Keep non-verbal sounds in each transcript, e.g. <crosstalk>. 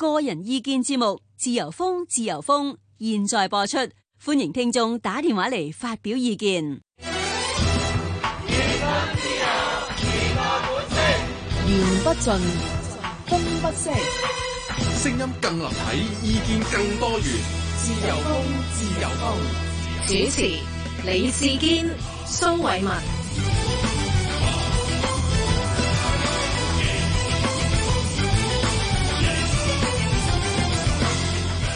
個人意見節目《自由風》，自由風，現在播出，歡迎聽眾打電話嚟發表意見。言不盡，風不息，聲音更立體，意見更多元自。自由風，自由風。主持：李志堅、蘇偉文。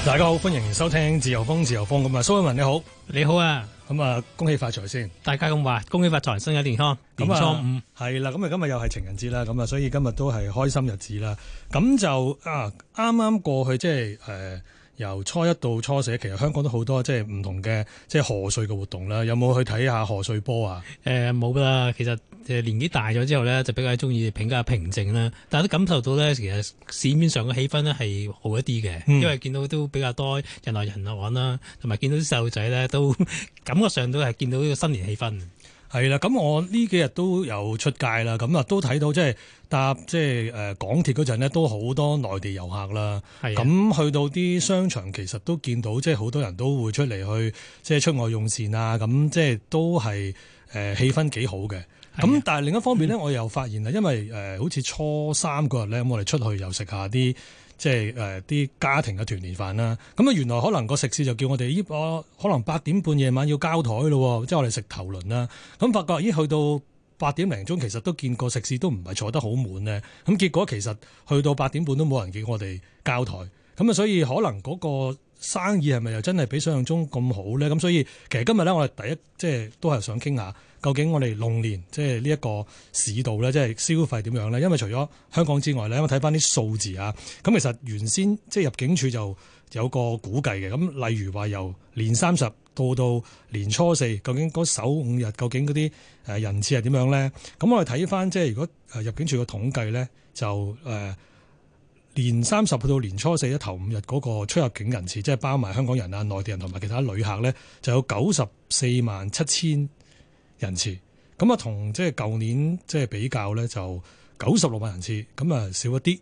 大家好，歡迎收聽自由風自由風。咁啊，蘇文文你好。你好啊。咁啊，恭喜發財先！大家咁話，恭喜發財，身體健康。咁啊年初五，係啦，咁啊，今日又係情人節啦，咁啊，所以今日都係開心日子啦。咁就啊，啱啱過去即係誒。呃由初一到初四，其實香港都好多即係唔同嘅即係賀歲嘅活動啦。有冇去睇下賀歲波啊？誒冇㗎啦。其實誒年紀大咗之後咧，就比較鍾意評價平靜啦。但係都感受到咧，其實市面上嘅氣氛呢係好一啲嘅，嗯、因為見到都比較多人來人往啦，同埋見到啲細路仔咧都感覺上都係見到呢個新年氣氛。係啦，咁我呢幾日都有出街啦，咁啊都睇到即係搭即係誒港鐵嗰陣呢，都好多內地遊客啦。係的，咁去到啲商場，其實都見到即係好多人都會出嚟去即係出外用膳啊，咁即係都係誒氣氛幾好嘅。咁的但係另一方面呢，我又發現啊，因為誒好似初三嗰日呢，我哋出去又食下啲。即係啲家庭嘅團年飯啦，咁啊原來可能個食肆就叫我哋依，我可能八點半夜晚要交台咯，即係我哋食頭輪啦。咁發覺咦，去到八點零鐘其實都見過食肆都唔係坐得好滿咧。咁結果其實去到八點半都冇人叫我哋交台，咁啊所以可能嗰個。生意係咪又真係比想象中咁好咧？咁所以其實今日咧，我哋第一即係都係想傾下，究竟我哋龍年即係呢一個市道咧，即係消費點樣咧？因為除咗香港之外咧，我睇翻啲數字啊。咁其實原先即係入境處就有個估計嘅。咁例如話由年三十到到年初四，究竟嗰首五日究竟嗰啲誒人次係點樣咧？咁我哋睇翻即係如果入境處嘅統計咧，就誒。呃年三十去到年初四一頭五日嗰個出入境人次，即係包埋香港人啊、內地人同埋其他旅客呢，就有九十四萬七千人次。咁啊，同即係舊年即係比較呢，就九十六萬人次，咁啊少一啲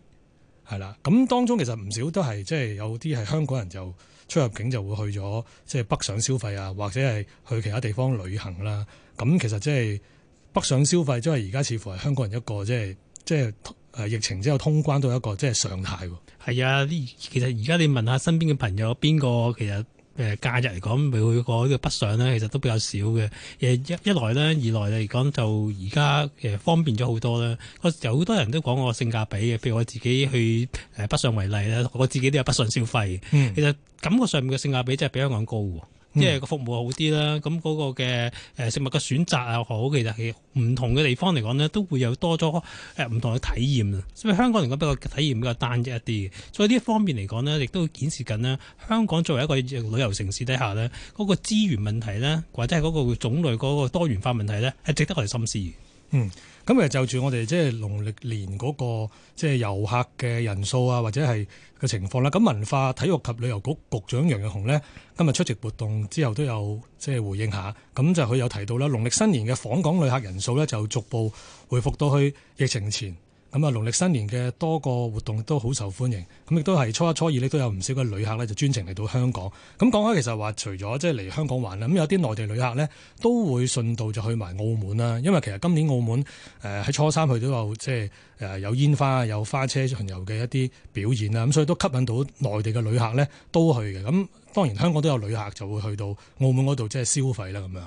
係啦。咁當中其實唔少都係即係有啲係香港人就出入境就會去咗即係北上消費啊，或者係去其他地方旅行啦。咁其實即係北上消費，即係而家似乎係香港人一個即係即係。即係誒疫情之後通關到一個即係上態喎，係啊！其實而家你問下身邊嘅朋友，邊個其實誒假日嚟講未去過呢個北上咧？其實都比較少嘅。誒一一來咧，二來嚟講就而家誒方便咗好多啦。個有好多人都講我性價比嘅，譬如我自己去誒北上為例啦，我自己都有北上消費。嗯，其實感覺上面嘅性價比真係比香港高。即係個服務好啲啦，咁嗰個嘅誒食物嘅選擇又好，其實係唔同嘅地方嚟講呢，都會有多咗誒唔同嘅體驗啊！所以香港嚟講比較體驗比較單一一啲嘅，所以呢一方面嚟講呢，亦都會顯示緊呢，香港作為一個旅遊城市底下呢，嗰個資源問題呢，或者係嗰個種類嗰個多元化問題呢，係值得我哋深思。嗯，咁誒就住我哋即係農曆年嗰個即係遊客嘅人數啊，或者係嘅情況啦。咁文化體育及旅遊局局長楊潤雄咧，今日出席活動之後都有即係回應下，咁就佢有提到啦，農曆新年嘅訪港旅客人數咧就逐步回復到去疫情前。咁啊，農曆新年嘅多個活動都好受歡迎，咁亦都係初一初二呢都有唔少嘅旅客呢就專程嚟到香港。咁講開，其實話除咗即係嚟香港玩啦，咁有啲內地旅客呢都會順道就去埋澳門啦。因為其實今年澳門誒喺、呃、初三去都有即係、呃、有煙花、有花車巡遊嘅一啲表演啦，咁所以都吸引到內地嘅旅客呢都去嘅。咁當然香港都有旅客就會去到澳門嗰度即係消費啦咁樣。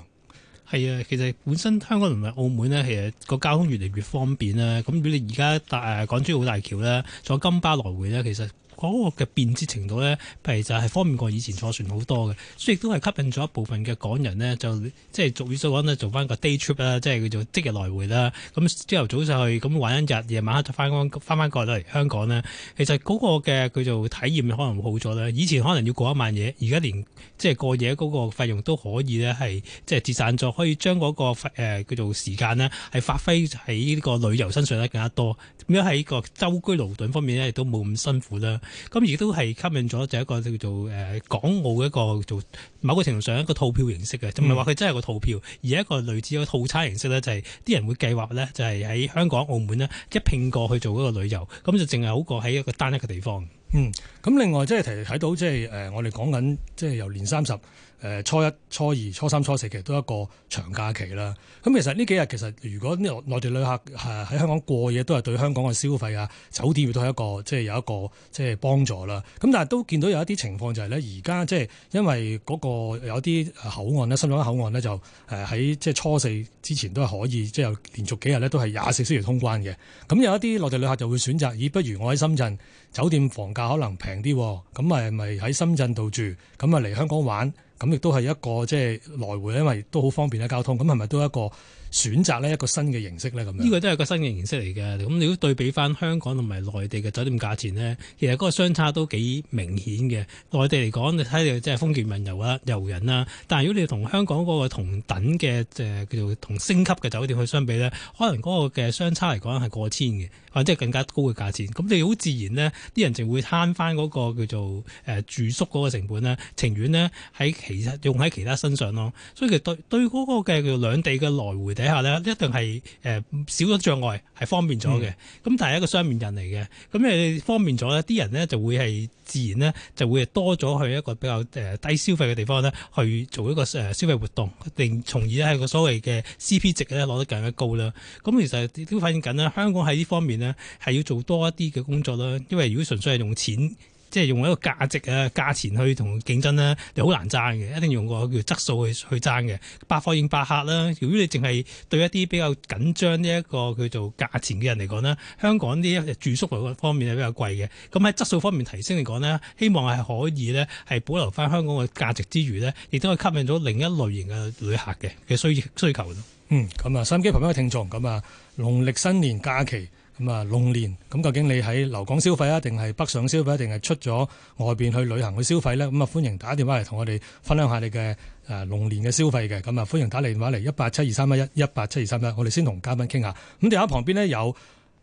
係啊，其實本身香港同埋澳門咧，其實個交通越嚟越方便啦。咁如果你而家搭誒港珠澳大橋咧，坐金巴來回咧，其實～嗰個嘅便捷程度咧，譬如就係方便過以前坐船好多嘅，所以亦都係吸引咗一部分嘅港人呢，就即係俗語所講做翻個 day trip 啦，即係叫做即日來回啦。咁朝頭早上去，咁、嗯、玩一日，夜晚黑就翻翻翻翻過嚟香港呢。其實嗰個嘅叫做體驗可能會好咗啦。以前可能要過一晚嘢，而家連即係過夜嗰個費用都可以呢，係即係節省咗，可以將嗰、嗰個、呃、叫做時間呢，係發揮喺呢個旅遊身上咧更加多。咁樣喺個周居勞頓方面呢，亦都冇咁辛苦啦。咁亦都係吸引咗就一個叫做誒，港澳一個做某個程度上一個套票形式嘅，就唔係話佢真係個套票，而一個類似一個套餐形式咧，就係啲人會計劃咧，就係喺香港、澳門咧一拼過去做一個旅遊，咁就淨係好過喺一個單一嘅地方。嗯，咁另外即係提睇到即係，誒我哋講緊即係由年三十。誒初一、初二、初三、初四，其實都係一個長假期啦。咁其實呢幾日其實，如果內地旅客喺香港過夜，都係對香港嘅消費啊、酒店亦都係一個即係、就是、有一個即係幫助啦。咁但係都見到有一啲情況就係咧，而家即係因為嗰個有啲口岸咧、深圳口岸咧，就喺即係初四之前都係可以，即、就、係、是、連續幾日咧都係廿四小時通關嘅。咁有一啲內地旅客就會選擇，以不如我喺深圳。酒店房價可能平啲，咁咪咪喺深圳度住，咁啊嚟香港玩，咁亦都係一個即係來回，因為都好方便嘅交通，咁係咪都一個？選擇呢一個新嘅形式咧，咁樣呢個都係個新嘅形式嚟嘅。咁如果對比翻香港同埋內地嘅酒店價錢呢，其實嗰個相差都幾明顯嘅。內地嚟講，你睇到即係風建民遊啦、遊人啦。但係如果你同香港嗰個同等嘅誒叫做同星級嘅酒店去相比呢，可能嗰個嘅相差嚟講係過千嘅，或者係更加高嘅價錢。咁你好自然呢，啲人就會慳翻嗰個叫做住宿嗰個成本呢，情願呢喺其實用喺其他身上咯。所以其實對對嗰個嘅叫兩地嘅來回。底下呢，一定係誒少咗障礙係方便咗嘅，咁但係一個雙面人嚟嘅，咁誒方便咗呢啲人呢，就會係自然呢，就會多咗去一個比較誒低消費嘅地方呢，去做一個誒消費活動，定從而呢係個所謂嘅 CP 值呢攞得更加高啦。咁其實都反映緊啦，香港喺呢方面呢，係要做多一啲嘅工作啦，因為如果純粹係用錢。即係用一個價值啊價錢去同競爭呢，就好難爭嘅。一定用個叫質素去去爭嘅，百貨應百客啦。由於你淨係對一啲比較緊張呢一個叫做價錢嘅人嚟講啦，香港啲住宿方面係比較貴嘅。咁喺質素方面提升嚟講啦，希望係可以呢係保留翻香港嘅價值之餘呢，亦都可以吸引到另一類型嘅旅客嘅嘅需需求咯。嗯，咁啊，收音機旁邊嘅聽眾咁啊，農曆新年假期。咁啊，龍年咁究竟你喺留港消費啊，定係北上消費，定係出咗外邊去旅行去消費呢？咁啊，歡迎打電話嚟同我哋分享下你嘅誒龍年嘅消費嘅。咁啊，歡迎打嚟電話嚟一八七二三一一一八七二三一，1, 1, 我哋先同嘉賓傾下。咁電話旁邊呢，有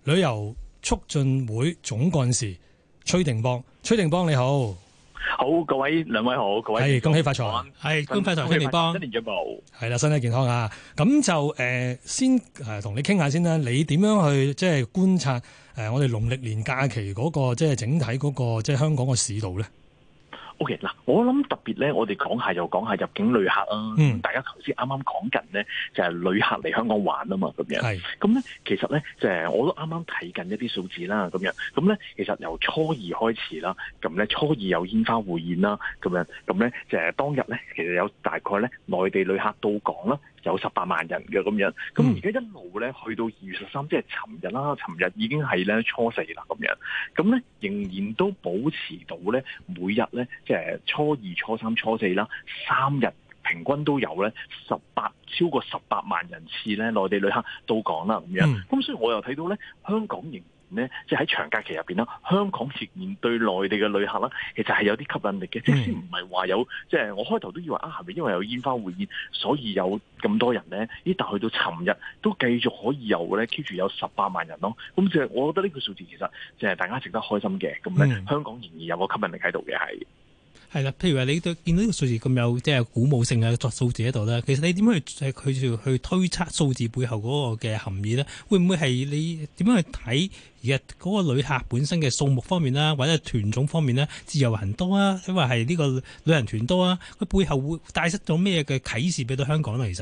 旅遊促進會總幹事崔定邦。崔定邦，你好。好，各位兩位好，各位。係恭喜發財，係恭喜發財，恭喜新年進步。係啦，身體健康啊！咁就誒、呃，先誒，同、呃、你傾下先啦。你點樣去即係觀察誒、呃？我哋農曆年假期嗰、那個即係整體嗰、那個即係香港個市道咧？O.K. 嗱，我諗特別咧，我哋講下又講下入境旅客啊，嗯、大家頭先啱啱講緊咧，就係、是、旅客嚟香港玩啊嘛，咁樣。係咁咧，其實咧，就係、是、我都啱啱睇緊一啲數字啦，咁樣。咁咧，其實由初二開始啦，咁咧初二有煙花匯演啦，咁樣。咁咧，就係、是、當日咧，其實有大概咧內地旅客到港啦，有十八萬人嘅咁樣。咁而家一路咧去到二月十三，即係尋日啦，尋日已經係咧初四啦，咁樣。咁咧仍然都保持到咧每日咧。即係初二、初三、初四啦，三日平均都有咧十八，超過十八萬人次咧，內地旅客到港啦咁樣。咁、嗯、所以我又睇到咧，香港仍然咧，即係喺長假期入面啦，香港仍然對內地嘅旅客啦，其實係有啲吸引力嘅。嗯、即使唔係話有，即、就、係、是、我開頭都以為啊，係咪因為有煙花匯演，所以有咁多人咧？呢但去到尋日都繼續可以有咧，keep 住有十八萬人咯。咁即係我覺得呢個數字其實即係大家值得開心嘅。咁咧，香港仍然有個吸引力喺度嘅係。嗯係啦，譬如話你對見到呢個數字咁有即係鼓舞性嘅作數字喺度啦，其實你點樣去佢去推測數字背後嗰個嘅含義咧？會唔會係你點樣去睇而家嗰個旅客本身嘅數目方面啦，或者團總方面咧，自由行多啊，因為係呢個旅行團多啊，佢背後會帶出咗咩嘅啟示俾到香港啦？其實，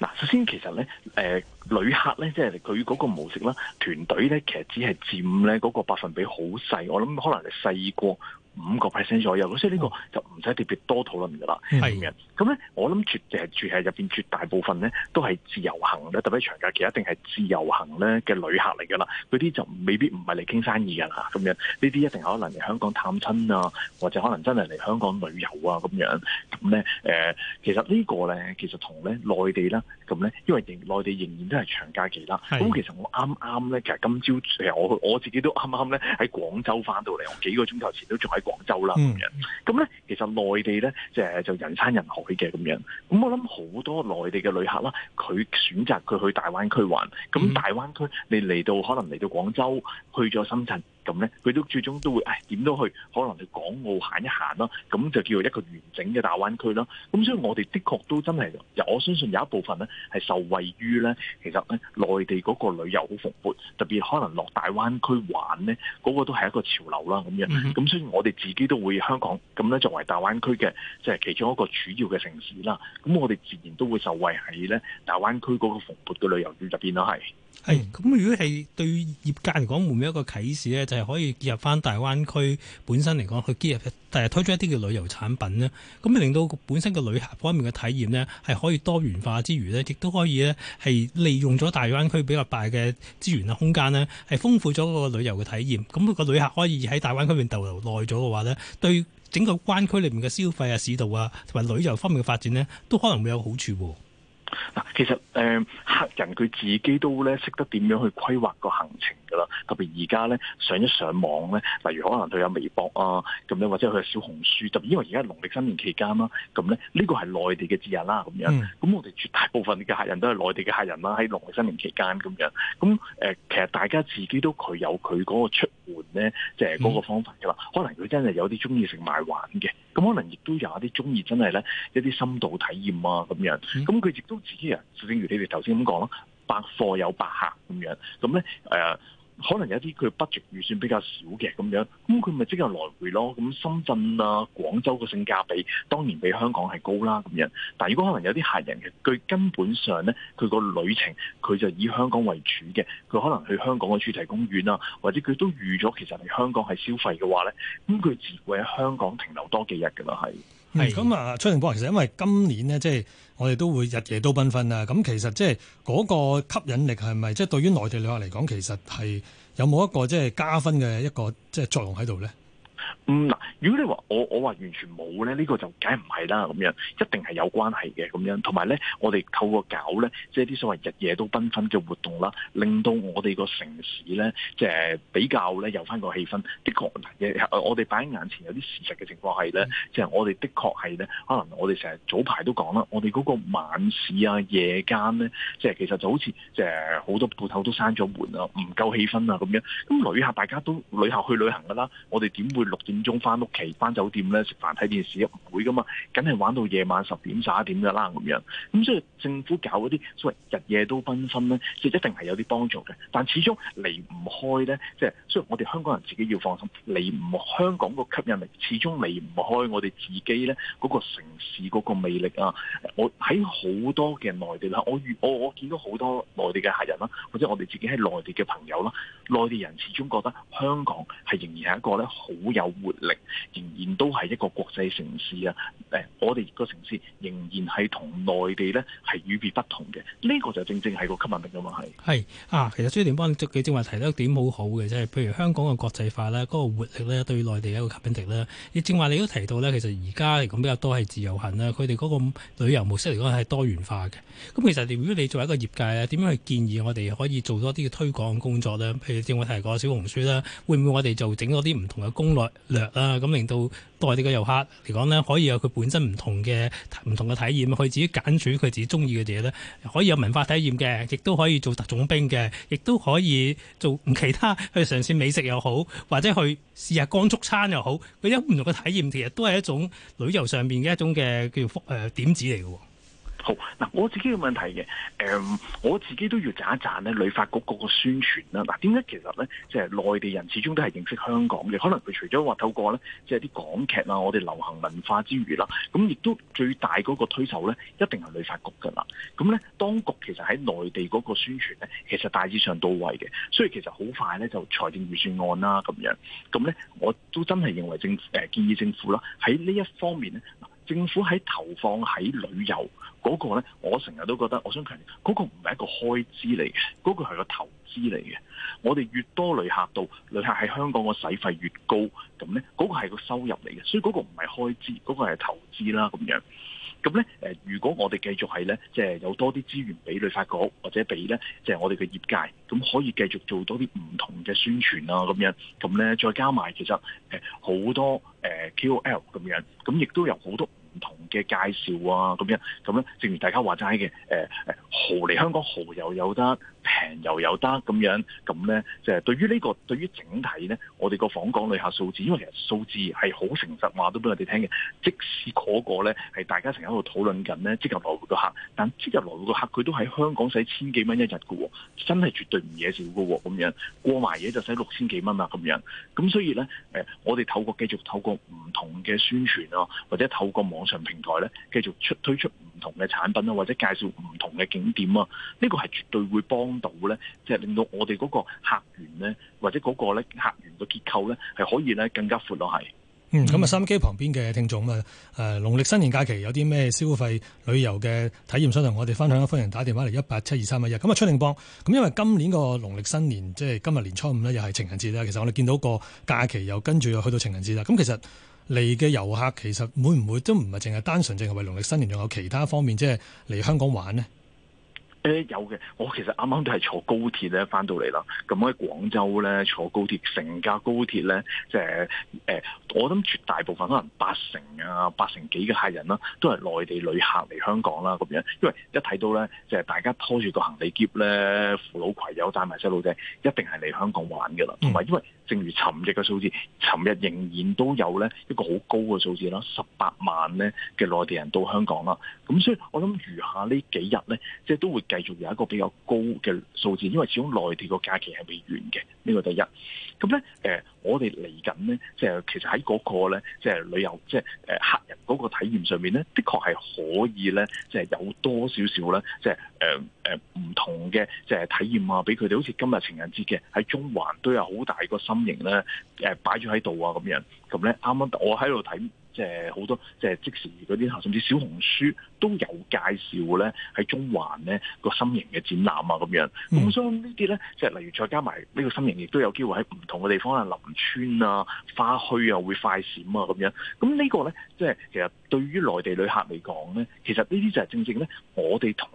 嗱，呃，首先其實咧，誒旅客咧，即係佢嗰個模式啦，團隊咧，其實只係佔咧嗰個百分比好細，我諗可能你細過。五個 percent 左右，所以呢個就唔使特別多討論㗎啦。咁咧是的 我諗住誒絕係入面絕大部分咧都係自由行咧，特別係長假期一定係自由行咧嘅旅客嚟㗎啦。嗰啲就未必唔係嚟傾生意㗎啦。咁樣呢啲一定可能嚟香港探親啊，或者可能真係嚟香港旅遊啊咁樣。咁咧、呃、其實個呢個咧其實同咧內地啦，咁咧因為仍內地仍然都係長假期啦。咁是的 其實我啱啱咧其實今朝我我自己都啱啱咧喺廣州返到嚟，我幾個鐘頭前都仲喺。廣州啦咁樣，咁咧、嗯、其實內地咧就就人山人海嘅咁樣，咁我諗好多內地嘅旅客啦，佢選擇佢去大灣區玩，咁大灣區你嚟到可能嚟到廣州，去咗深圳。咁咧，佢都最終都會，誒、哎、點都去，可能去港澳行一行咯，咁就叫做一個完整嘅大灣區咯。咁所以我哋的確都真係，我相信有一部分咧係受惠於咧，其實咧內地嗰個旅遊好蓬勃，特別可能落大灣區玩咧，嗰、那個都係一個潮流啦。咁樣，咁所以我哋自己都會香港咁咧，作為大灣區嘅即係其中一個主要嘅城市啦。咁我哋自然都會受惠喺咧大灣區嗰個蓬勃嘅旅遊業入邊咯，係。係咁，嗯、如果係對業界嚟講，會唔會一個啟示呢就係、是，可以加入翻大灣區本身嚟講，去加入，但係推出一啲嘅旅遊產品呢，咁令到本身嘅旅客方面嘅體驗呢，係可以多元化之餘呢亦都可以呢係利用咗大灣區比較大嘅資源啦、空間呢係豐富咗個旅遊嘅體驗。咁個旅客可以喺大灣區裏面逗留耐咗嘅話呢，對整個灣區裏面嘅消費啊、市道啊同埋旅遊方面嘅發展呢，都可能會有好處。嗱，其實誒、呃，客人佢自己都咧識得點樣去規劃個行程噶啦，特別而家咧上一上網咧，例如可能佢有微博啊，咁樣或者佢有小紅書，就因為而家係農曆新年期間啦、啊，咁咧呢個係內地嘅節日啦，咁樣，咁、嗯、我哋絕大部分嘅客人都係內地嘅客人啦、啊，喺農曆新年期間咁樣，咁誒、呃，其實大家自己都佢有佢嗰個出門咧，就係、是、嗰個方法噶啦，嗯、可能佢真係有啲中意食買玩嘅。咁可能亦都有一啲鍾意，真係咧一啲深度體驗啊咁樣。咁佢亦都自己啊，就正如你哋頭先咁講啦，百貨有百客咁樣。咁咧、呃可能有啲佢 budget 預算比較少嘅咁樣，咁佢咪即係來回咯。咁深圳啊、廣州嘅性價比當然比香港係高啦咁樣。但係如果可能有啲客人嘅佢根本上咧，佢個旅程佢就以香港為主嘅，佢可能去香港嘅主題公園啦、啊，或者佢都預咗其實係香港係消費嘅話咧，咁佢自會會喺香港停留多幾日嘅啦係。係咁啊，崔定邦其實因為今年咧，即係。我哋都會日夜都繽紛啊。咁其實即係嗰個吸引力係咪即係對於內地旅客嚟講，其實係有冇一個即係加分嘅一個即係作用喺度咧？嗯嗱，如果你話我我話完全冇咧，呢個就梗係唔係啦咁樣，一定係有關係嘅咁樣。同埋咧，我哋透過搞咧，即係啲所謂日夜都繽紛嘅活動啦，令到我哋個城市咧，即係比較咧有翻個氣氛。的確我哋擺喺眼前有啲事實嘅情況係咧，即係我哋的確係咧，可能我哋成日早排都講啦，我哋嗰個晚市啊、夜間咧，即係其實就好似即係好多鋪頭都閂咗門啦，唔夠氣氛啊咁樣。咁旅客大家都旅客去旅行噶啦，我哋點會六？五點鐘翻屋企，翻酒店咧食飯睇電視，唔會噶嘛，梗係玩到夜晚十點十一點噶啦咁樣。咁所以政府搞嗰啲所謂日夜都繽紛咧，就一定係有啲幫助嘅。但始終離唔開咧，即係所以我哋香港人自己要放心，離唔香港個吸引力始終離唔開我哋自己咧嗰個城市嗰個魅力啊。我喺好多嘅內地啦，我我我見到好多內地嘅客人啦，或者我哋自己喺內地嘅朋友啦，內地人始終覺得香港係仍然係一個咧好有活力仍然都係一個國際城市啊！誒、呃，我哋個城市仍然係同內地呢係與別不同嘅，呢、這個就正正係個吸引力啊嘛係。係啊，其實崔定邦佢正話提得點好好嘅，即、就、係、是、譬如香港嘅國際化咧，嗰、那個活力呢對內地的一個吸引力咧，你正話你都提到呢，其實而家嚟講比較多係自由行啦，佢哋嗰個旅遊模式嚟講係多元化嘅。咁其實如果你作為一個業界呢，點樣去建議我哋可以做多啲嘅推廣工作呢？譬如正我提過小紅書啦，會唔會我哋就整咗啲唔同嘅攻略？略啦，咁令到多啲嘅遊客嚟講呢，可以有佢本身唔同嘅唔同嘅體驗，佢自己揀選佢自己中意嘅嘢呢，可以有文化體驗嘅，亦都可以做特種兵嘅，亦都可以做其他去嘗試美食又好，或者去試下光燭餐又好，佢有唔同嘅體驗，其實都係一種旅遊上面嘅一種嘅叫誒、呃、點子嚟嘅。好嗱，我自己嘅問題嘅，誒、嗯，我自己都要贊一贊咧，旅發局嗰個宣傳啦。嗱，點解其實咧，即係內地人始終都係認識香港嘅，可能佢除咗話透過咧，即係啲港劇啊，我哋流行文化之餘啦，咁亦都最大嗰個推手咧，一定係旅發局噶啦。咁咧，當局其實喺內地嗰個宣傳咧，其實大致上到位嘅，所以其實好快咧就財政預算案啦咁樣。咁咧，我都真係認為政誒建議政府啦，喺呢一方面咧。政府喺投放喺旅遊嗰個咧，我成日都覺得，我想強調嗰個唔係一個開支嚟嘅，嗰個係個投資嚟嘅。我哋越多旅客到，旅客喺香港個使費越高，咁咧嗰個係個收入嚟嘅，所以嗰個唔係開支，嗰個係投資啦咁樣。咁咧，如果我哋繼續係咧，即係有多啲資源俾旅發局，或者俾咧，即係我哋嘅業界，咁可以繼續做多啲唔同嘅宣傳啦，咁樣，咁咧再加埋其實好多誒 KOL 咁樣，咁亦都有好多。唔同嘅介紹啊，咁樣咁咧，正如大家話齋嘅，誒誒，豪嚟香港豪又有，有得，平又有，有得，咁樣咁咧，就係對於呢個對於整體咧，我哋個訪港旅客數字，因為其實數字係好誠實話都俾我哋聽嘅，即使嗰個咧係大家成日喺度討論緊咧，即日來回個客，但即日來回個客佢都喺香港使千幾蚊一日㗎喎，真係絕對唔嘢少㗎喎，咁樣過埋嘢就使六千幾蚊啊，咁樣咁所以咧，誒，我哋透過繼續透過唔同嘅宣傳啊，或者透過網，網上平台咧，繼續出推出唔同嘅產品啊，或者介紹唔同嘅景點啊，呢個係絕對會幫到咧，即係令到我哋嗰個客源呢，或者嗰個咧客源嘅結構咧，係可以咧更加闊咯，係。嗯，咁啊，三機旁邊嘅聽眾啊，誒，農曆新年假期有啲咩消費旅遊嘅體驗想同我哋分享咧？歡迎打電話嚟，一八七二三一一。咁啊，崔定邦，咁因為今年個農曆新年即係今日年初五咧，又係情人節啦。其實我哋見到個假期又跟住又去到情人節啦。咁其實。嚟嘅遊客其實會唔會都唔係淨係單純，淨係為農曆新年，仲有其他方面，即係嚟香港玩呢？誒有嘅，我其實啱啱都係坐高鐵咧翻到嚟啦。咁喺廣州咧坐高鐵，成架高鐵咧，即係誒，我諗絕大部分可能八成啊、八成幾嘅客人啦，都係內地旅客嚟香港啦。咁樣，因為一睇到咧，就係、是、大家拖住個行李篋咧，扶老攜幼帶埋細路仔，一定係嚟香港玩㗎啦。同埋、嗯，因為正如尋日嘅數字，尋日仍然都有咧一個好高嘅數字啦，十八萬咧嘅內地人到香港啦。咁所以我如，我諗餘下呢幾日咧，即係都會，繼續有一個比較高嘅數字，因為始終內地個假期係未完嘅，呢個第一。咁咧，誒，我哋嚟緊咧，即係其實喺嗰個咧，即係旅遊，即係誒客人嗰個體驗上面咧，的確係可以咧，即係有多少少咧，即係誒誒唔同嘅即係體驗啊，俾佢哋，好似今日情人節嘅喺中環都有好大個心形咧，誒擺咗喺度啊，咁樣，咁咧啱啱我喺度睇。即係好多，即係即時嗰啲，甚至小紅書都有介紹咧，喺中環咧個心形嘅展覽啊，咁樣，嗯。咁所以這些呢啲咧，即係例如再加埋呢個心形，亦都有機會喺唔同嘅地方啊，林村啊、花墟啊，會快閃啊，咁樣。咁呢個咧，即係其實對於內地旅客嚟講咧，其實呢啲就係正正咧，我哋同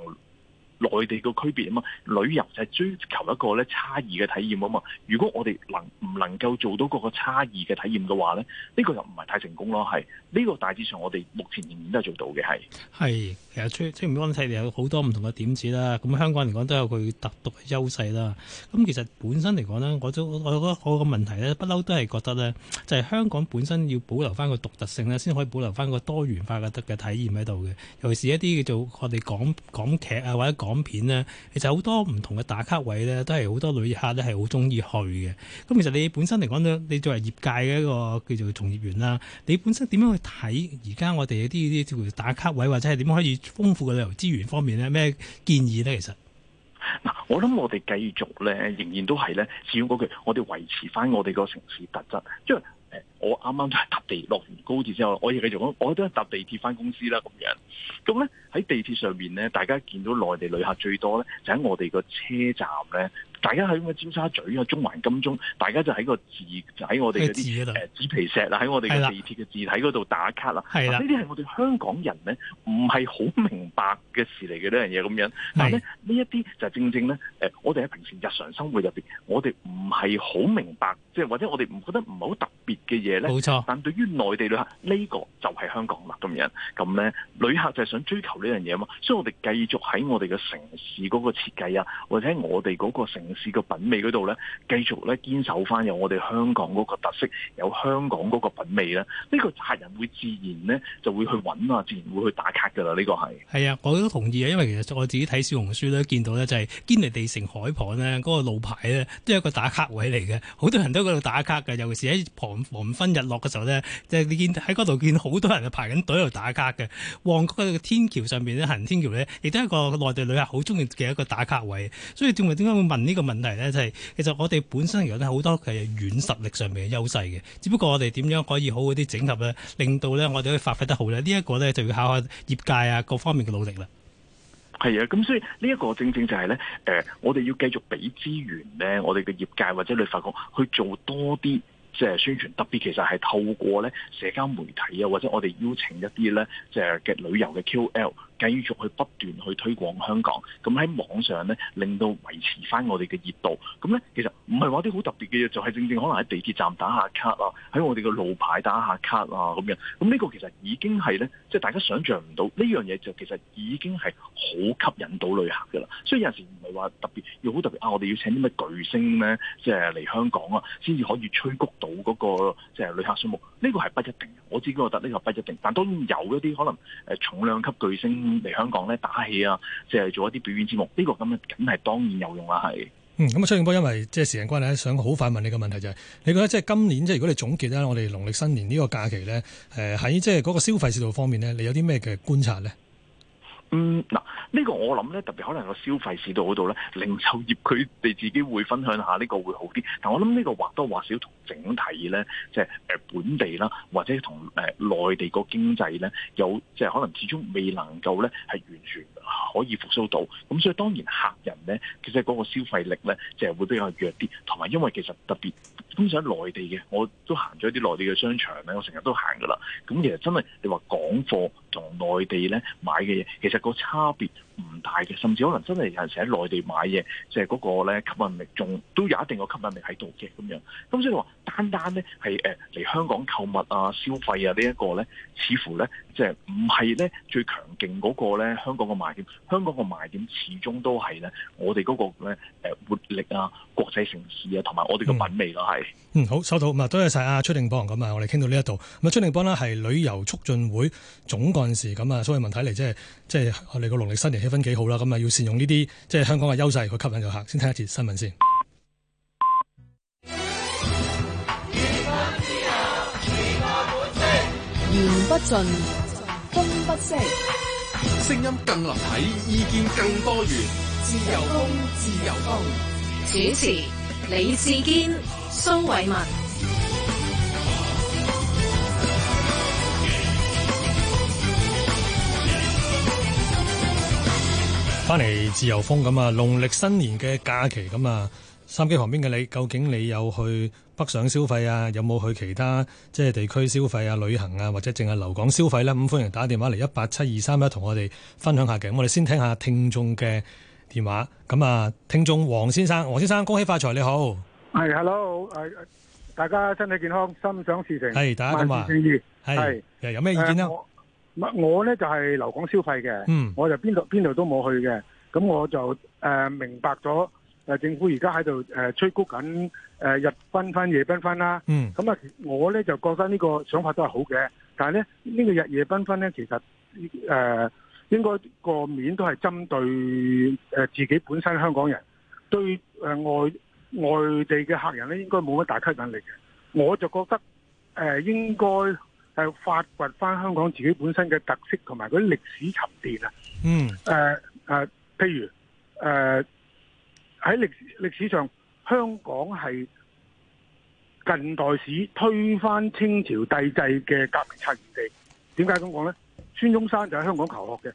內地個區別啊嘛，旅遊就係追求一個咧差異嘅體驗啊嘛。如果我哋能唔能夠做到嗰個差異嘅體驗嘅話咧，呢、這個就唔係太成功咯。係呢、這個大致上，我哋目前仍然都係做到嘅，係。係，其實吹唔安乾脆有好多唔同嘅點子啦。咁香港嚟講都有佢獨特嘅優勢啦。咁其實本身嚟講呢我，我，我，我呢都我覺得我個問題咧，不嬲都係覺得咧，就係、是、香港本身要保留翻個獨特性咧，先可以保留翻個多元化嘅特嘅體驗喺度嘅。尤其是一啲叫做我哋港港劇啊，或者港港片呢，其實好多唔同嘅打卡位咧，都係好多旅客咧係好中意去嘅。咁其實你本身嚟講咧，你作為業界嘅一個叫做從業員啦，你本身點樣去睇而家我哋一啲啲打卡位或者係點樣可以豐富嘅旅遊資源方面呢？咩建議呢？其實，嗱，我諗我哋繼續咧，仍然都係咧，始終嗰句，我哋維持翻我哋個城市特質，因為我啱啱就係搭地落完高鐵之後，我亦繼續講我都係搭地鐵翻公司啦，咁樣。咁咧喺地鐵上面咧，大家見到內地旅客最多咧，就喺我哋個車站咧，大家喺咁嘅尖沙咀啊、中環金鐘，大家就喺個字就喺我哋嗰啲誒紙皮石啊，喺我哋嘅地鐵嘅字體嗰度打卡啦。係啊的，呢啲係我哋香港人咧，唔係好明白嘅事嚟嘅呢樣嘢咁樣。但係咧，呢一啲就正正咧，誒、呃，我哋喺平時日常生活入邊，我哋唔係好明白，即係或者我哋唔覺得唔係好特別嘅嘢。冇錯，錯但對於內地旅客呢、這個就係香港啦咁樣，咁咧旅客就係想追求呢樣嘢啊嘛，所以我哋繼續喺我哋嘅城市嗰個設計啊，或者喺我哋嗰個城市嘅品味嗰度咧，繼續咧堅守翻有我哋香港嗰個特色，有香港嗰個品味咧，呢、這個客人會自然咧就會去揾啊，自然會去打卡噶啦，呢、這個係係啊，我都同意啊，因為其實我自己睇小紅書咧，都見到咧就係、是、堅尼地城海旁咧嗰、那個路牌咧，都有一個打卡位嚟嘅，好多人都喺度打卡嘅，尤其是喺旁。旁分日落嘅時候咧，就你、是、見喺嗰度見好多人啊排緊隊度打卡嘅，旺角嘅天橋上邊咧，行天橋咧，亦都係一個內地旅客好中意嘅一個打卡位。所以點解點解會問呢個問題咧？就係、是、其實我哋本身其實好多係軟實力上面嘅優勢嘅，只不過我哋點樣可以好好啲整合咧，令到咧我哋可以發揮得好咧？呢、這、一個咧就要考下業界啊，各方面嘅努力啦。係啊，咁所以呢一個正正就係、是、咧，誒、呃，我哋要繼續俾資源咧，我哋嘅業界或者旅發局去做多啲。即係宣傳，特別其實係透過咧社交媒體啊，或者我哋邀請一啲咧即係嘅旅遊嘅 QL。繼續去不斷去推廣香港，咁喺網上咧，令到維持翻我哋嘅熱度。咁咧，其實唔係話啲好特別嘅嘢，就係、是、正正可能喺地鐵站打下卡啊，喺我哋嘅路牌打下卡啊咁樣。咁呢個其實已經係咧，即、就、係、是、大家想象唔到呢樣嘢就其實已經係好吸引到旅客㗎啦。所以有陣時唔係話特別要好特別啊，我哋要請啲咩巨星咧，即係嚟香港啊，先至可以吹谷到嗰、那個即係、就是、旅客數目。呢、這個係不一定，我自己覺得呢個不一定，但當然有一啲可能重量級巨星。嚟香港咧打氣啊，即係做一啲表演節目，呢、這個咁啊，梗係當然有用啦，係。嗯，咁啊，崔定邦，因為即係時間關係咧，想好快問你個問題就係、是，你覺得即係今年即係如果你總結咧，我哋農曆新年呢個假期咧，誒喺即係嗰個消費市道方面咧，你有啲咩嘅觀察咧？嗯，嗱，呢個我諗咧，特別可能個消費市道嗰度咧，零售業佢哋自己會分享下呢個會好啲。但我諗呢個或多或少同整體咧，即係誒本地啦，或者同誒內地個經濟咧，有即係、就是、可能始終未能夠咧係完全。可以復甦到，咁所以當然客人咧，其實嗰個消費力咧，就係會比較弱啲，同埋因為其實特別，通常喺內地嘅，我都行咗一啲內地嘅商場咧，我成日都行噶啦。咁其實真係你話港貨同內地咧買嘅嘢，其實個差別，唔大嘅，甚至可能真係有時喺內地買嘢，即係嗰個咧吸引力，仲都有一定嘅吸引力喺度嘅咁樣。咁所以話單單咧係誒嚟香港購物啊、消費啊呢、這，一個咧，似乎咧即係唔係咧最強勁嗰個咧香港嘅賣點。香港嘅賣點始終都係咧，我哋嗰個咧誒活力啊、國際城市啊，同埋我哋嘅品味咯係、嗯。嗯，好收到咁啊，多謝晒阿崔定邦咁啊，我哋傾到呢一度。咁啊，崔定邦咧係旅遊促進會總幹事，咁啊，所以問睇嚟即係即係我哋個農曆新年。分幾好啦，咁啊要善用呢啲即係香港嘅優勢去吸引遊客。先聽一節新聞先。言不盡，風不息，聲音更立體，意見更多元。自由風，自由風。自由風。主持：李志堅、蘇偉文。翻嚟自由風咁啊！農曆新年嘅假期咁啊，三機旁邊嘅你，究竟你有去北上消費啊？有冇去其他即係地區消費啊？旅行啊？或者淨係留港消費呢？咁歡迎打電話嚟一八七二三一同我哋分享下嘅。咁我哋先聽下聽眾嘅電話。咁啊，聽眾黃先生，黃先生恭喜發財，你好。係，hello，、uh, 大家身體健康，心想事成。係，大家咁啊萬事係，是是有咩意見呢？Uh, 我呢就係、是、留港消費嘅，嗯、我就邊度邊度都冇去嘅，咁我就誒、呃、明白咗政府而家喺度誒吹谷緊誒日繽紛夜繽紛啦。咁啊，嗯、我呢就覺得呢個想法都係好嘅，但係呢、這個日夜繽紛呢，其實誒、呃、應該個面都係針對自己本身香港人對誒外外地嘅客人呢應該冇乜大吸引力嘅。我就覺得誒、呃、應該。係發掘翻香港自己本身嘅特色，同埋嗰啲歷史沉澱啊。嗯，誒誒、呃呃，譬如誒喺歷歷史上，香港係近代史推翻清朝帝制嘅革命策源地。點解咁講咧？孫中山就喺香港求學嘅。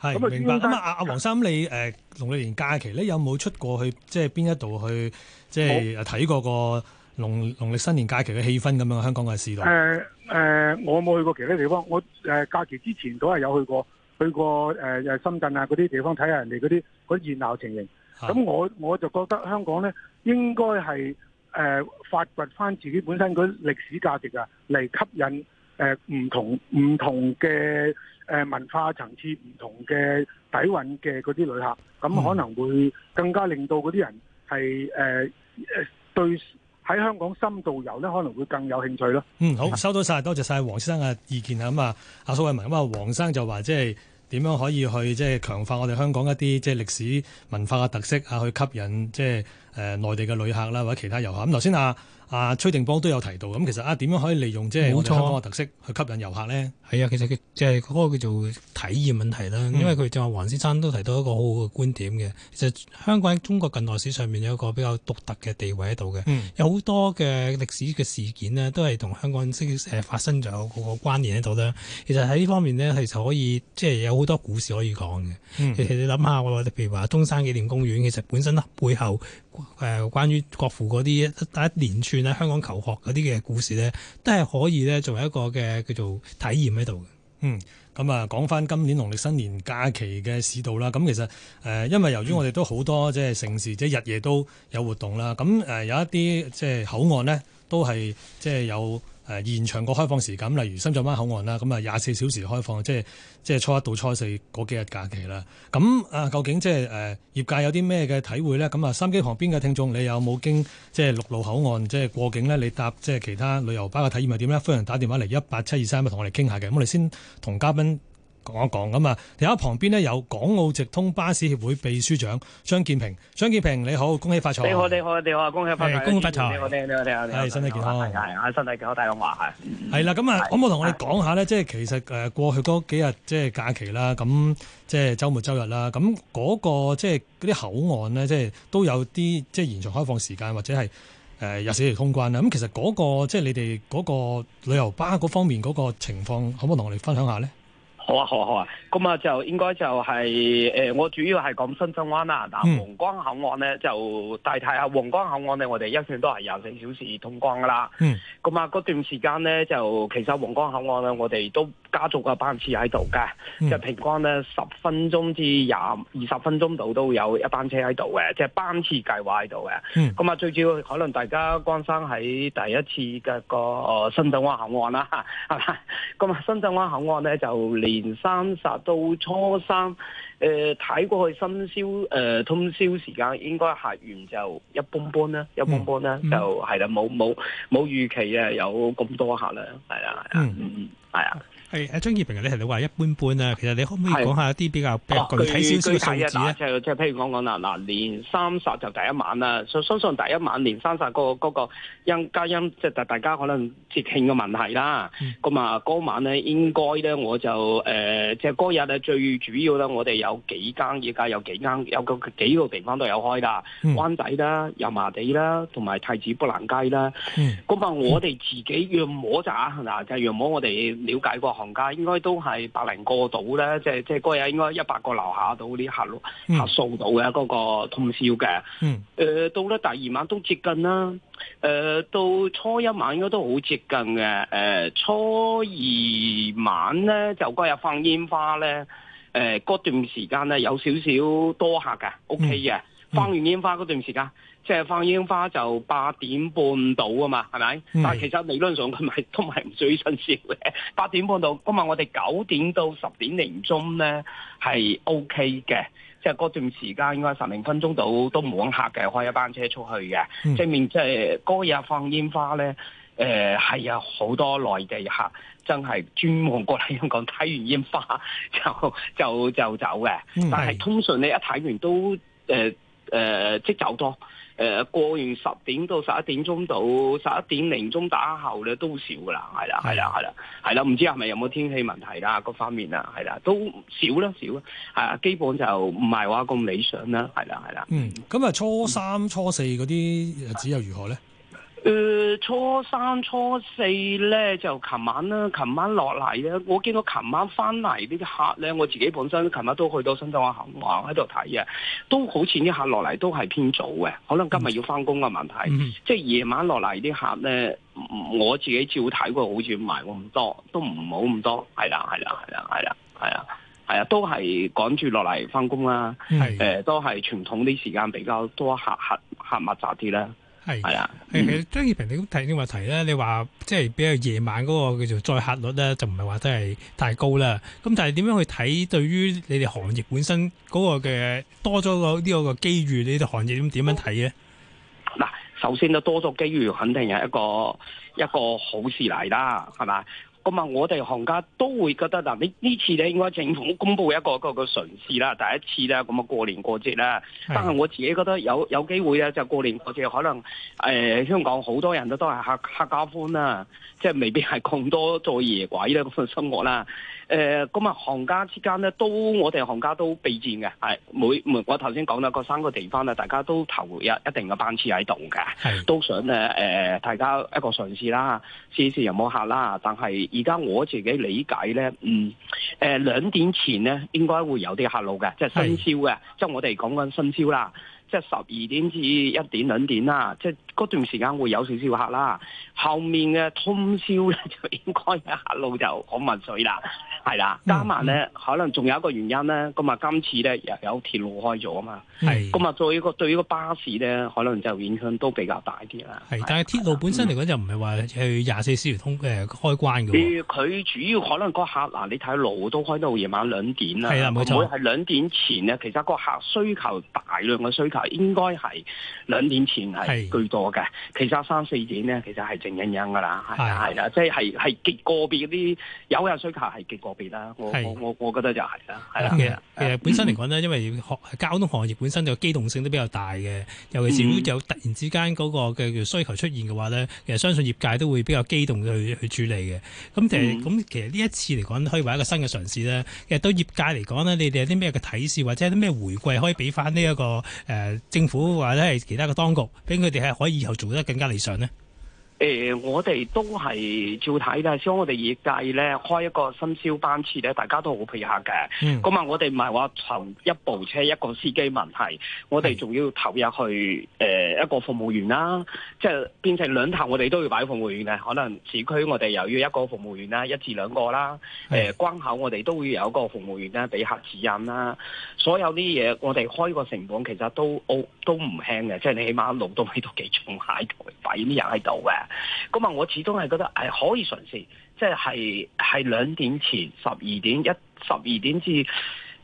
係咁啊，明白咁啊。阿阿黃生，你誒、農、呃、歷年假期咧，有冇出過去即係邊一度去即係睇好過個農農曆新年假期嘅氣氛咁樣？香港嘅市道。係、呃。誒、呃，我冇去過其他地方，我誒、呃、假期之前都係有去過，去過誒、呃、深圳啊嗰啲地方睇下人哋嗰啲嗰啲熱鬧情形。咁的我我就覺得香港呢應該係誒、呃、發掘返自己本身嗰啲歷史價值啊，嚟吸引誒唔、呃、同唔同嘅、呃、文化層次唔同嘅底蘊嘅嗰啲旅客，咁可能會更加令到嗰啲人係誒、呃、對。喺香港深度遊呢，可能會更有興趣咯。嗯，好，收到晒，多謝晒黃先生嘅意見、嗯、啊。咁啊，阿蘇偉文咁啊，黃生就話即係點樣可以去即係強化我哋香港一啲即係歷史文化嘅特色啊，去吸引即係。誒、呃、內地嘅旅客啦，或者其他遊客咁，頭先啊啊，崔定邦都有提到咁，其實啊點樣可以利用即係香港嘅特色去吸引遊客呢？係啊，其實即係嗰個叫做體驗問題啦。嗯、因為佢就如黃先生都提到一個好好嘅觀點嘅，其實香港喺中國近代史上面有一個比較獨特嘅地位喺度嘅，嗯、有好多嘅歷史嘅事件呢，都係同香港發生咗個關聯喺度啦。其實喺呢方面呢，其實可以即係、就是、有好多故事可以講嘅。嗯、其實你諗下，我哋譬如話中山紀念公園，其實本身背後誒，關於國父嗰啲一連串喺香港求學嗰啲嘅故事呢，都係可以咧作為一個嘅叫做體驗喺度嘅。嗯，咁啊，講返今年農曆新年假期嘅市道啦。咁其實誒，因為由於我哋都好多即係城市，即係、嗯、日夜都有活動啦。咁誒，有一啲即係口岸呢，都係即係有。誒，延長個開放時間，例如深圳灣口岸啦，咁啊廿四小時開放，即係即係初一到初四嗰幾日假期啦。咁啊，究竟即係誒業界有啲咩嘅體會呢？咁啊，三機旁邊嘅聽眾，你有冇經即係陸路口岸即係過境呢？你搭即係其他旅遊巴嘅體驗係點呢？歡迎打電話嚟一八七二三一，同我哋傾下嘅。咁我哋先同嘉賓。講一講咁啊！另外旁邊呢，有港澳直通巴士協會秘書長張劍平。張劍平你好，恭喜發財！你好，你好，你好，恭喜發財！恭喜發財！你好，你好，你好，身體健康，係啊，身體健康，大家好。係啦，咁啊，可唔可同我哋講下呢？即係其實過去嗰幾日，即係假期啦，咁即係週末、週日啦，咁嗰個即係嗰啲口岸呢，即係都有啲即係延長開放時間或者係廿四小時通關啦，咁其實嗰個即係你哋嗰個旅遊巴嗰方面嗰個情況，可唔可同我哋分享下咧？好啊好啊好啊，咁啊，啊就應該就係、是、誒、呃，我主要係講深圳灣啦，但皇崗口岸咧就大體下皇崗口岸咧我哋一向都係廿四小時通關噶啦，咁啊嗰段時間咧就其實皇崗口岸咧我哋都。家族嘅班次喺度嘅，即係、嗯、平均咧，十分鐘至廿二十分鐘度都有一班車喺度嘅，即、就、係、是、班次計劃喺度嘅。咁啊、嗯，最主要可能大家關心喺第一次嘅個深圳、呃、灣口岸啦，係嘛？咁啊，深圳灣口岸咧就連三十到初三，誒、呃、睇過去深宵誒通宵時間，應該客源就一般般啦，一般般啦，嗯、就係啦，冇冇冇預期啊，有咁多客啦，係啦，係啊，係啊。誒阿、哎、張劍平你係你話一般般啊。其實你可唔可以講一下一啲比，啊、比較具體少少嘅數字咧？即係即係，就是、譬如講講啦，嗱年三十就第一晚啦。相相信第一晚年三十、那個嗰、那個因家因，即係大大家可能節慶嘅問題啦。咁啊、嗯，嗰晚咧應該咧我就誒，即係嗰日咧最主要咧，我哋有幾間而家有幾間有幾個有幾個地方都有開噶，嗯、灣仔啦、油麻地啦、同埋太子砵蘭街啦。咁啊，就是、我哋自己樣摸咋嗱，就樣摸我哋了解過房價應該都係百零個度咧，即係即係嗰日應該一百個樓下到啲客客數到嘅，嗰個通宵嘅。誒、嗯呃，到咧第二晚都接近啦。誒、呃，到初一晚應該都好接近嘅。誒、呃，初二晚咧就嗰日放煙花咧。誒、呃，嗰段時間咧有少少多客嘅，OK 嘅。的嗯嗯、放完煙花嗰段時間。即係放煙花就八點半到啊嘛，係咪？嗯、但其實理論上佢咪都係唔追新鮮嘅。八點半到，今日我哋九點到十點零鐘咧係 OK 嘅。即係嗰段時間應該十零分鐘到都冇人客嘅，開一班車出去嘅。即係、嗯、正面即係嗰日放煙花咧，誒、呃、係有好多內地客，真係專門過嚟香港睇完煙花就就就走嘅。嗯、但係通常你一睇完都誒、呃呃、即走多。誒，過完十點到十一點鐘到，十一點零鐘打後咧都少噶啦，係啦，係啦，係啦，係啦，唔知係咪有冇天氣問題啦，各方面啦，係啦，都少啦，少啦，啊，基本就唔係話咁理想啦，係啦，係啦，嗯，咁啊、嗯，初三、嗯、初四嗰啲日子又如何咧？誒、呃、初三初四咧，就琴晚啦，琴晚落嚟咧，我見到琴晚翻嚟呢啲客咧，我自己本身琴晚都去到深圳灣行，喎喺度睇啊，都好似啲客落嚟都係偏早嘅，可能今日要翻工嘅問題，嗯、即係夜晚落嚟啲客咧，我自己照睇過，好似唔係咁多，都唔好咁多，係啦，係啦，係啦，係啦，係啊，係啊，都係趕住落嚟翻工啦，誒、嗯的呃，都係傳統啲時間比較多客客客密集啲啦。係係啊，誒其實張劍平你提，你咁睇呢個題咧，你話即係比較夜晚嗰個叫做載客率咧，就唔係話真係太高啦。咁但係點樣去睇對於你哋行業本身嗰個嘅多咗個呢個個機遇，你哋行業點點樣睇咧？嗱，首先就多咗機遇，肯定係一個一個好事嚟啦，係嘛？咁啊，我哋行家都會覺得嗱，你呢次咧應該政府公布一個一個一個嘗試啦，第一次啦。咁啊，過年過節啦，是但係我自己覺得有有機會啊，就過年過節可能誒、呃、香港好多人都都係客客家歡啦、啊，即係未必係咁多做夜鬼啦咁嘅生活啦。誒，咁啊，呃、行家之間咧都我哋行家都備戰嘅，係每我頭先講到個三個地方啊，大家都頭一一定嘅班次喺度嘅，是都想咧誒、呃，大家一個嘗試啦，試試有冇客啦。但係，而家我自己理解咧，嗯，誒、呃，兩點前咧應該會有啲客路嘅，即係新超嘅，是的 即係我哋講緊新超啦，即係十二點至一點兩點啦，即係。嗰段時間會有少少客啦，後面嘅通宵咧就應該客路就好密水啦，係啦。加埋咧可能仲有一個原因咧，咁啊今次咧又有鐵路開咗啊嘛，咁啊的，對一個對於個巴士咧，可能就影響都比較大啲啦的。但係鐵路本身嚟講就唔係話去廿四小時通嘅開關，佢主要可能個客嗱，你睇路都開到夜晚兩點啦，係冇錯。係兩點前咧，其實個客需求大量嘅需求應該係兩點前係巨多。嘅，其實三四點咧，其實係靜樣樣噶啦，係啦係啦，即係係係極個別嗰啲有人需求係極個別啦。我的我我我覺得就係啦，係啦。其實，的其實本身嚟講呢，嗯、因為交通行業本身就機動性都比較大嘅，尤其是乎有突然之間嗰個嘅需求出現嘅話呢，其實相信業界都會比較機動去去處理嘅。咁其實咁、嗯、其實呢一次嚟講可以話一個新嘅嘗試呢。其實對業界嚟講呢，你哋有啲咩嘅提示，或者啲咩回饋可以俾翻呢一個誒、呃、政府或者係其他嘅當局，俾佢哋係可以。以後做得更加理想呢？誒、呃，我哋都係照睇咧，所以我哋業界咧開一個新消班次咧，大家都好配合嘅。咁啊，我哋唔係話從一部車一個司機問題，我哋仲要投入去誒、呃、一個服務員啦，即係變成兩頭，我哋都要擺服務員嘅。可能市區我哋又要一個服務員啦，一至兩個啦。誒、嗯呃、關口我哋都會有一個服務員啦，俾客指引啦。所有啲嘢我哋開個成本其實都好都唔輕嘅，即係你起碼一路都喺度幾重下，擺啲人喺度嘅。咁啊！我始終係覺得係可以嘗試，即係係兩點前、十二點一、十二點至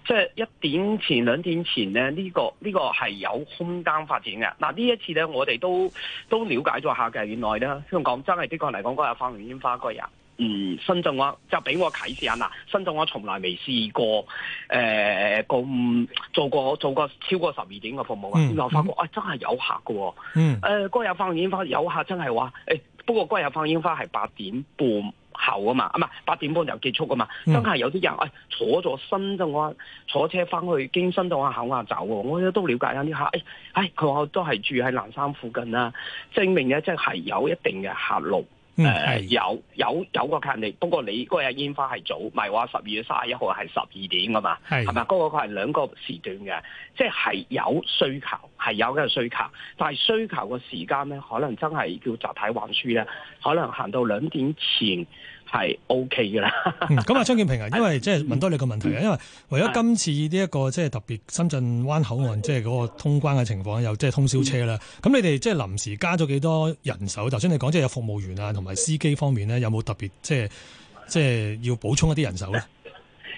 即係一點前、兩點前咧，呢個呢個係有空間發展嘅。嗱，呢一次咧，我哋都都了解咗下嘅，原來咧香港真係的確嚟講，今日放完煙花嗰日。嗯，深圳灣就俾我啟示啊，嗱，深圳灣從來未試過誒咁、呃、做過做過超過十二點嘅服務啊，然後發覺啊、嗯哎、真係有客嘅，誒嗰日放煙花有客真係話誒，不過嗰日放煙花係八點半後啊嘛，啊唔係八點半就結束噶嘛，真係有啲人誒、哎、坐咗深圳灣坐車翻去經深圳灣口岸走喎，我都了解一下啲、這個、客唉，佢、哎、話、哎、都係住喺南山附近啦，證明咧即係有一定嘅客路。誒、嗯呃、有有有個客人嚟，不過你嗰日煙花係早，唔係話十二月卅一號係十二點㗎嘛，係咪是？嗰、嗰個係兩個時段嘅，即係有需求，係有嘅需求，但係需求嘅時間咧，可能真係叫集體運輸咧，可能行到兩點前。係 OK 嘅啦 <laughs> 、嗯。咁啊，張劍平啊，因為即係問多你個問題啊，嗯、因為為咗今次呢一個即係特別深圳灣口岸即係嗰個通關嘅情況，有即係通宵車啦。咁、嗯、你哋即係臨時加咗幾多人手？頭先、嗯、你講即係有服務員啊，同埋司機方面咧，有冇特別即係即係要補充一啲人手咧？是的 <laughs>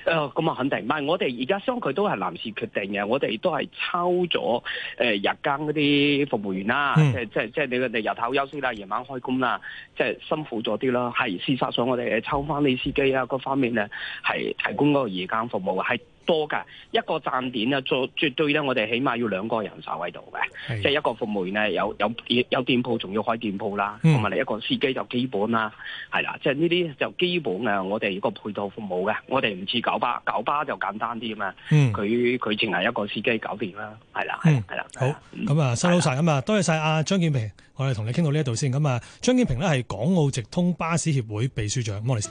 誒咁啊肯定，唔係我哋而家相對都係臨時決定嘅，我哋都係抽咗誒日間嗰啲服務員啦，嗯、即係即係即係你哋日頭休息啦，夜晚開工啦，即係辛苦咗啲啦，係事實上我哋誒抽翻啲司機啊，各方面咧係提供嗰個夜間服務嘅，係。多噶一個站點咧，做絕對咧，我哋起碼要兩個人手喺度嘅，即係是的 一個服務員咧，有有有店鋪，仲要開店鋪啦。同埋你一個司機就基本啦，係啦，即係呢啲就基本嘅，我哋一個配套服務嘅，我哋唔似九巴，九巴就簡單啲啊嘛。佢佢淨係一個司機搞掂啦，係啦係係啦。嗯、好，咁啊的，收收晒啊，多謝晒阿張劍平，我哋同你傾到呢一度先。咁啊，張劍平咧係港澳直通巴士協會秘書長，莫禮。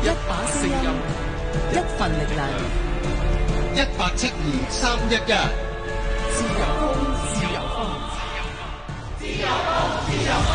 一把聲音，一份力量，一八七二三一一。自由，自由風，自由風，自由風，自由風。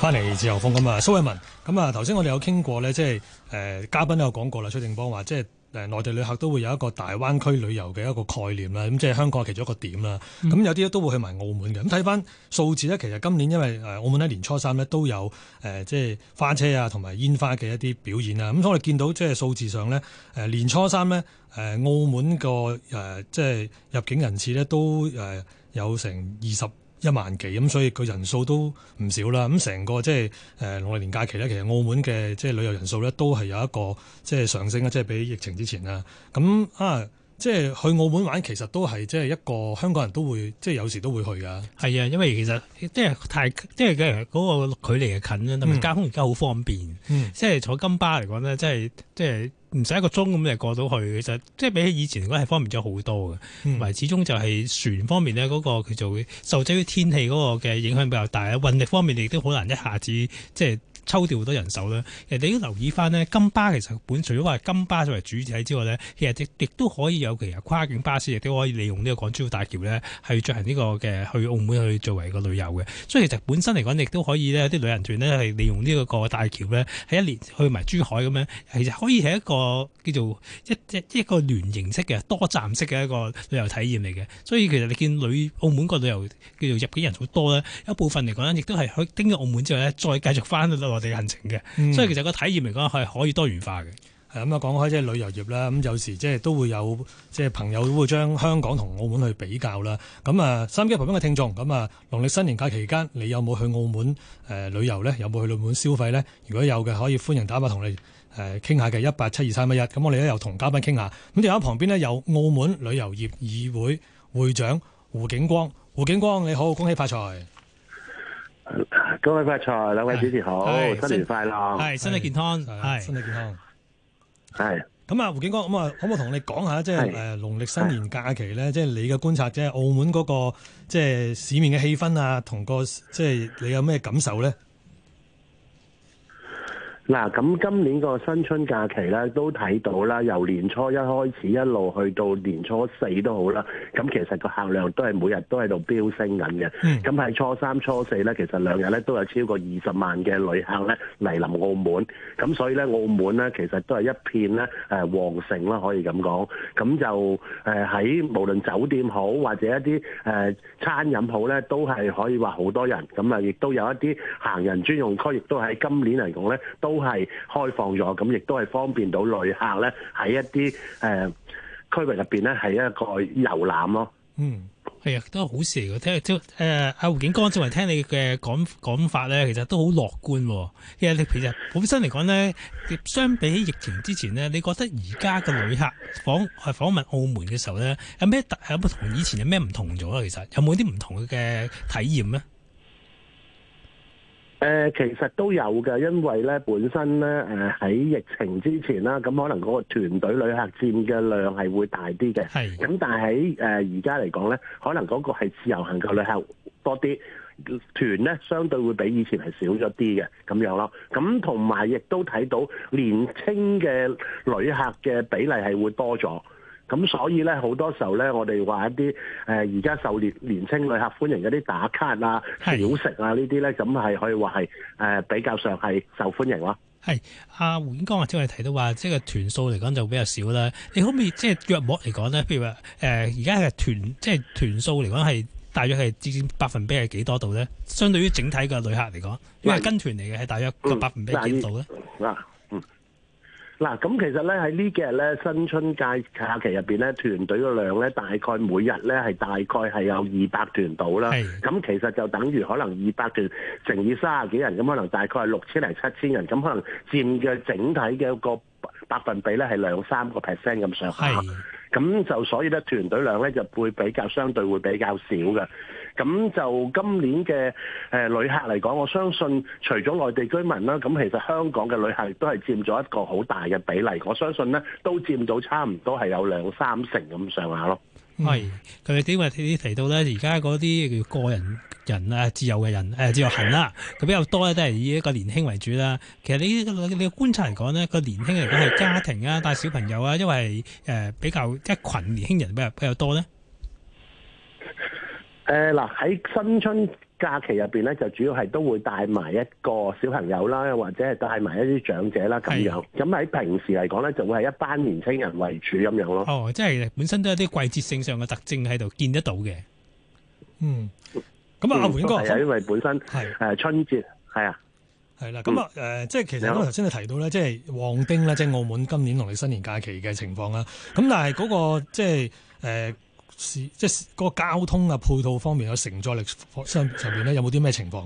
翻嚟自由風咁啊， <laughs> 蘇偉文。咁啊，頭先我哋有傾過咧，即係呃，嘉賓都有講過啦，崔定邦話即係。誒內地旅客都會有一個大灣區旅遊嘅一個概念啦，咁即係香港嘅其中一個點啦。咁有啲咧都會去埋澳門嘅。咁睇翻數字咧，其實今年因為誒澳門喺年初三咧都有誒即係花車啊同埋煙花嘅一啲表演啦。咁我哋見到即係數字上呢，誒年初三呢，誒澳門個誒即係入境人次呢都誒有成二十一萬幾咁，所以佢人數都唔少啦。咁成個即係誒農曆年假期咧，其實澳門嘅即係旅遊人數咧都係有一個即係上升啊，即係比疫情之前啦。咁啊～。即係去澳門玩，其實都係即係一個香港人都會即係有時都會去噶。係啊，因為其實即係太即係嗰個距離係近啦，同埋交通而家好方便。嗯、即係坐金巴嚟講呢，即係即係唔使一個鐘咁就過到去。其實即係比起以前嚟講係方便咗好多嘅。同、嗯、始終就係船方面呢、嗰個，嗰、嗰個叫做受制於天氣嗰個嘅影響比較大啊。運力方面亦都好難一下子即係。抽掉好多人手啦。你都留意翻呢，金巴其實本除咗話金巴作為主體之外呢，其實亦都可以有其實跨境巴士亦都可以利用呢個港珠澳大橋呢，去進行呢個嘅去澳門去作為一個旅遊嘅。所以其實本身嚟講，亦都可以呢啲旅行團呢，係利用呢個個大橋呢，係一年去埋珠海咁樣，其實可以係一個叫做一一一,一個聯營式嘅多站式嘅一個旅遊體驗嚟嘅。所以其實你見旅澳門個旅遊叫做入境人好多呢，一部分嚟講亦都係去經澳門之後再繼續翻我哋行程嘅，嗯、所以其實個體驗嚟講係可以多元化嘅。咁啊、嗯，講開即係旅遊業啦，咁有時即係都會有，即係朋友會將香港同澳門去比較啦。咁啊，心機旁邊嘅聽眾，咁啊，農曆新年假期間你有冇去澳門誒旅遊呢？有冇去澳門消費呢？如果有嘅，可以歡迎打埋同你哋誒傾下嘅一八七二三一一。咁我哋咧又同嘉賓傾下。咁電話旁邊呢，有澳門旅遊業議會會長胡景光，胡景光你好，恭喜發財。嗯各位發財，兩位主持好，新年快樂，係身體健康，係身是體健康，咁啊是，胡景光，咁啊，可唔可以同你講講下，即係誒農曆新年假期咧，即係是你嘅觀察，即係澳門嗰、那個即係、就是、市面嘅氣氛啊，同、那個即係、就是、你有咩感受咧？嗱咁今年個新春假期咧，都睇到啦，由年初一開始一路去到年初四都好啦。咁其實個客量都係每日都喺度飆升緊嘅。咁喺、嗯、初三、初四咧，其實兩日咧都有超過二十萬嘅旅客咧嚟臨澳門。咁所以咧，澳門咧其實都係一片咧誒旺盛啦，可以咁講。咁就喺、呃、無論酒店好或者一啲誒、呃、餐飲好咧，都係可以話好多人。咁啊，亦都有一啲行人專用區，亦都喺今年嚟講咧都都係開放咗，咁亦都係方便到旅客咧喺一啲誒、呃、區域入邊咧，係一個遊覽咯。嗯，係啊，都係好事嚟嘅。聽、呃、誒，阿胡景光，作為聽你嘅講講法咧，其實都好樂觀。其實你其實本身嚟講咧，相比起疫情之前咧，你覺得而家嘅旅客訪係訪問澳門嘅時候咧，有咩特有冇同以前有咩唔同咗啊？其實有冇啲唔同嘅體驗咧？誒、呃、其實都有嘅，因為咧本身咧誒喺疫情之前啦，咁可能嗰個團隊旅客佔嘅量係會大啲嘅。係的。咁但係喺誒而家嚟講咧，可能嗰個係自由行嘅旅客多啲，團咧相對會比以前係少咗啲嘅咁樣咯。咁同埋亦都睇到年輕嘅旅客嘅比例係會多咗。咁所以咧，好多時候咧，我哋話一啲誒而家受年年輕旅客歡迎嗰啲打卡啊、是小食啊呢啲咧，咁係可以話係誒比較上係受歡迎咯。係阿胡景光啊，即係、啊、提到話，即、就、係、是、團數嚟講就比較少啦。你可唔可以即係、就是、約莫嚟講咧？譬如話誒，而家係團即係、就是、團數嚟講係大約係佔百分比係幾多度咧？相對於整體嘅旅客嚟講，因為跟團嚟嘅係大約百分比幾度咧？嗱、嗯。嗱，咁其實咧喺呢幾日咧，新春假假期入面咧，團隊嘅量咧，大概每日咧係大概係有二百團到啦。咁的其實就等於可能二百團乘以卅幾人，咁可能大概係六千零七千人，咁可能佔嘅整體嘅個個百分比咧係兩三個 percent 咁上下。咁就的所以咧，團隊量咧就會比較相對會比較少嘅。咁就今年嘅誒旅客嚟講，我相信除咗內地居民啦，咁其實香港嘅旅客都係佔咗一個好大嘅比例。我相信呢都佔咗差唔多係有兩三成咁上下咯。係佢哋點解提到呢？而家嗰啲叫個人人啊，自由嘅人自由行啦，佢比較多呢都係以一個年輕為主啦。其實你你觀察嚟講呢，個年輕嚟講係家庭啊，帶小朋友啊，因為誒比較一群年輕人比較比較多呢。誒，嗱喺、呃、新春假期入邊咧，就主要係都會帶埋一個小朋友啦，或者係帶埋一啲長者啦，咁樣。咁喺、啊、平時嚟講咧，就會係一班年青人為主咁樣咯。哦，即係本身都有啲季節性上嘅特徵喺度見得到嘅。嗯。咁、嗯、啊，阿胡英哥，係、嗯嗯、因為本身係誒春節係啊，係啦。咁啊，誒，即係其實我頭先你提到咧，即係旺丁啦，即係澳門今年農曆新年假期嘅情況啦。咁但係嗰、那個即係誒。呃即係、就是、個交通啊，配套方面嘅承載力上上面咧，有冇啲咩情況？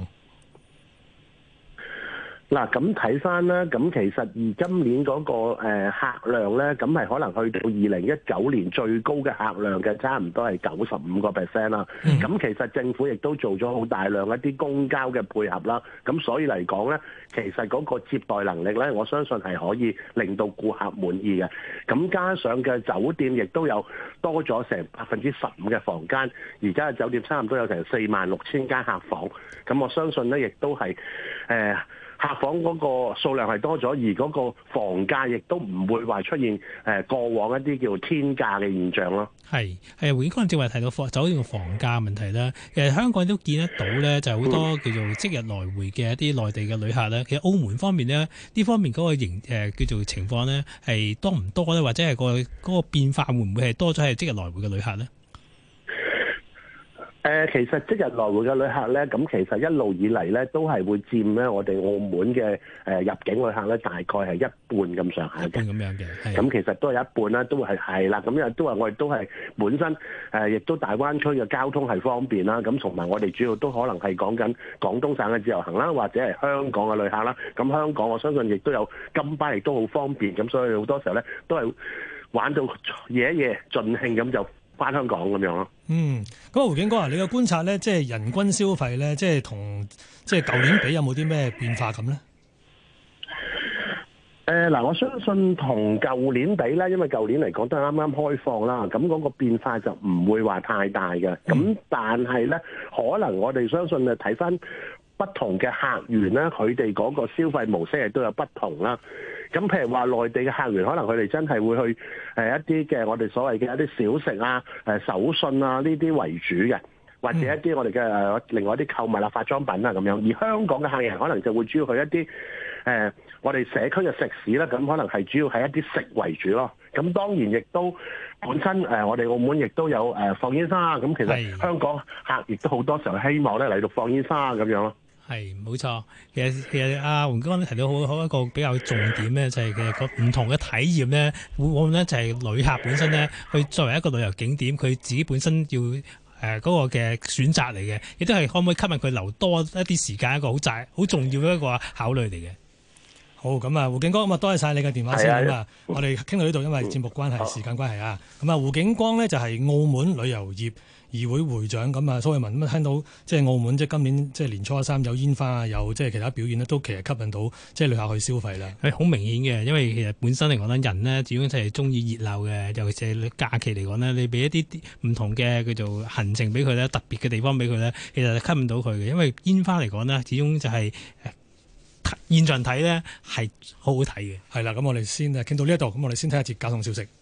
嗱咁睇翻啦。咁其實而今年嗰個客量咧，咁係可能去到二零一九年最高嘅客量嘅，差唔多係九十五個 percent 啦。咁、嗯、其實政府亦都做咗好大量一啲公交嘅配合啦。咁所以嚟講咧，其實嗰個接待能力咧，我相信係可以令到顧客滿意嘅。咁加上嘅酒店亦都有多咗成百分之十五嘅房間，而家嘅酒店差唔多有成四萬六千間客房。咁我相信咧，亦都係誒。呃客房嗰個數量係多咗，而嗰個房價亦都唔會話出現誒過往一啲叫做天價嘅現象咯。係，誒，胡先生正話提到房酒店嘅房價問題啦。其實香港都見得到咧，就好多叫做即日來回嘅一啲內地嘅旅客咧。其實澳門方面呢，呢方面嗰個形叫做情況呢，係多唔多咧，或者係個嗰個變化會唔會係多咗係即日來回嘅旅客呢？呃、其實即日來回嘅旅客咧，咁其實一路以嚟咧，都係會佔咧我哋澳門嘅入境旅客咧，大概係一半咁上下嘅咁樣嘅。咁其實都係一半啦，都係係啦。咁又都係我哋都係本身誒、呃，亦都大灣區嘅交通係方便啦。咁同埋我哋主要都可能係講緊廣東省嘅自由行啦，或者係香港嘅旅客啦。咁香港我相信亦都有金巴，亦都好方便。咁所以好多時候咧，都係玩到夜一夜盡興咁就翻香港咁樣咯。嗯，咁啊，胡景光啊，你嘅觀察咧，即係人均消費咧，即係同即係舊年比有冇啲咩變化咁咧？誒嗱、呃，我相信同舊年比咧，因為舊年嚟講都係啱啱開放啦，咁嗰個變化就唔會話太大嘅。咁、嗯、但係咧，可能我哋相信啊，睇翻不同嘅客源咧，佢哋嗰個消費模式亦都有不同啦。咁譬如話，內地嘅客源可能佢哋真係會去一啲嘅我哋所謂嘅一啲小食啊、呃、手信啊呢啲為主嘅，或者一啲我哋嘅、呃、另外一啲購物啦、啊、化妝品啊咁樣。而香港嘅客人可能就會主要去一啲誒、呃、我哋社區嘅食肆啦，咁可能係主要係一啲食為主咯。咁當然亦都本身、呃、我哋澳門亦都有、呃、放煙花，咁其實的香港客亦都好多時候希望咧嚟到放煙花咁樣咯。係冇錯，其實其實阿、啊、胡景光提到好好一個比較重點咧，就係嘅個唔同嘅體驗咧，會唔會咧就係、是、旅客本身咧，佢作為一個旅遊景點，佢自己本身要誒嗰、呃那個嘅選擇嚟嘅，亦都係可唔可以吸引佢留多一啲時間，一個好大好重要嘅一個考慮嚟嘅。好，咁啊胡景光咁啊，多謝晒你嘅電話先啊，的我哋傾到呢度，因為節目關係、哦、時間關係啊，咁啊胡景光呢，就係、是、澳門旅遊業。議會會長咁啊，蘇偉文咁啊，聽到即係澳門即係今年即係年初三有煙花啊，有即係其他表演呢都其實吸引到即係旅客去消費啦。係好明顯嘅，因為其實本身嚟講呢，人呢，始終係中意熱鬧嘅，尤其是假期嚟講呢，你俾一啲唔同嘅叫做行程俾佢呢，特別嘅地方俾佢呢，其實吸引到佢嘅。因為煙花嚟講呢，始終就係、是、現場睇呢，係好好睇嘅。係啦，咁我哋先啊，傾到呢一度，咁我哋先睇下節交通消息。